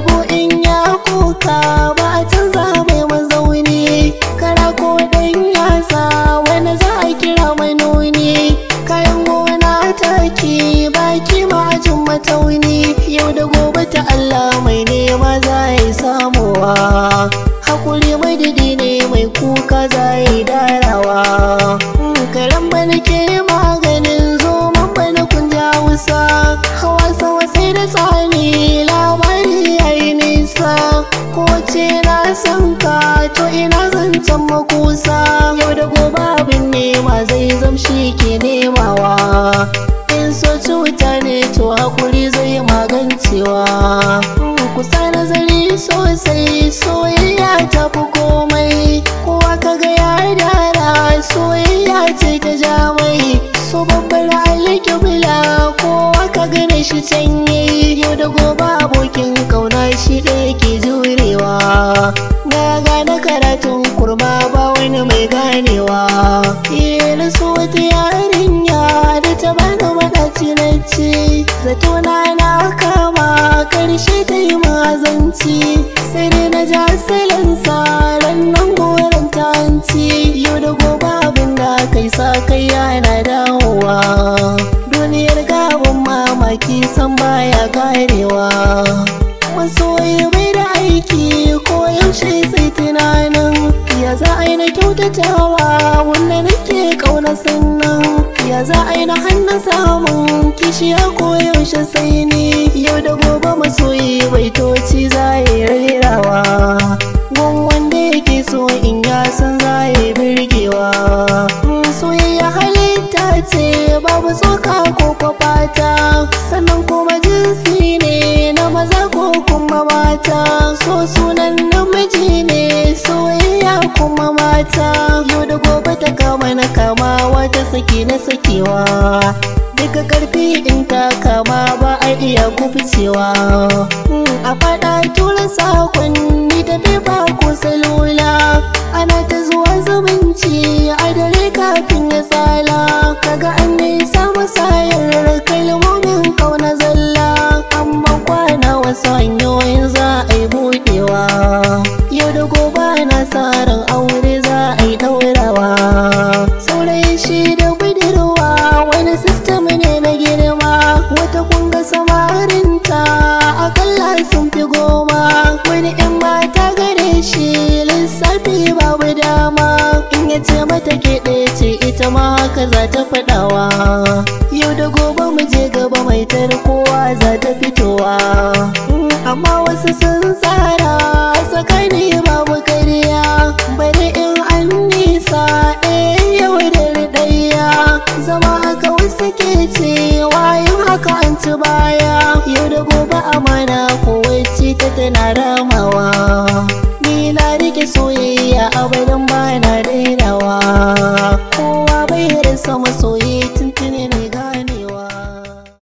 rabu in ya kuka ba a canza mai mazauni kara ko dan yasa wani za a kira mai nuni kayan gona taki baki majin matauni yau da gobe ta Allah mai nema za yi samuwa hakuri mai didi ne mai kuka za yi darawa hmm, karen can makusa yau da gobe abin nema zai zamshi ke nemawa in so cuta ne to hakuri zai magancewa kusa nazari sosai soyayya ta fi komai kowa kaga ya dara soyayya ce ta jamai so babbar Bila, kowa ka gane shi can yayi yau da gobe abokin kauna shi ɗaya ke jurewa na gane karatun kurma ba wani mai ganewa iya na so wata yarinya da ta bani madaci na ce zato na na kama karshe ta yi mazanci sai dai na ja salon saran nan goron ta hanci yau da gobe abin da kai sa kai yana dawowa duniyar gaban mamaki san baya ganewa masoyi mai da aiki kyautatawa wanda nake kauna sannan ya za a yi na hannun samun kishiya ko yaushe sai ni yau da gobe masoyi baitoci za yi rairawa gun wanda yake so in ya san za yi birgewa mm, soyayya halitta ce babu tsoka ko kwafata sannan kuma jinsi ne na maza ko kuma mata so sunan namiji ne soyayya mata kuma mata yau da gobe ta kama na kama wata saki na sakewa daga karfi in ta kama ba a iya cewa hmm, a fada tura sakonni ta ba ku salula ana ta zuwa zumunci a dare kafin ya sala kaga an nisa musayar kalmomin kauna zalla amma kwana wasu hanyo ita ma haka za ta faɗawa yau da gobe mu je gaba mai tarkowa za ta fitowa mm, amma wasu sun tsara tsakani babu kariya bari in an nisa eh yau da ɗaya zama haka wasu ke cewa yin haka an ci baya yau da gobe amana ko wacce ta tana ramawa ni na rike soyayya a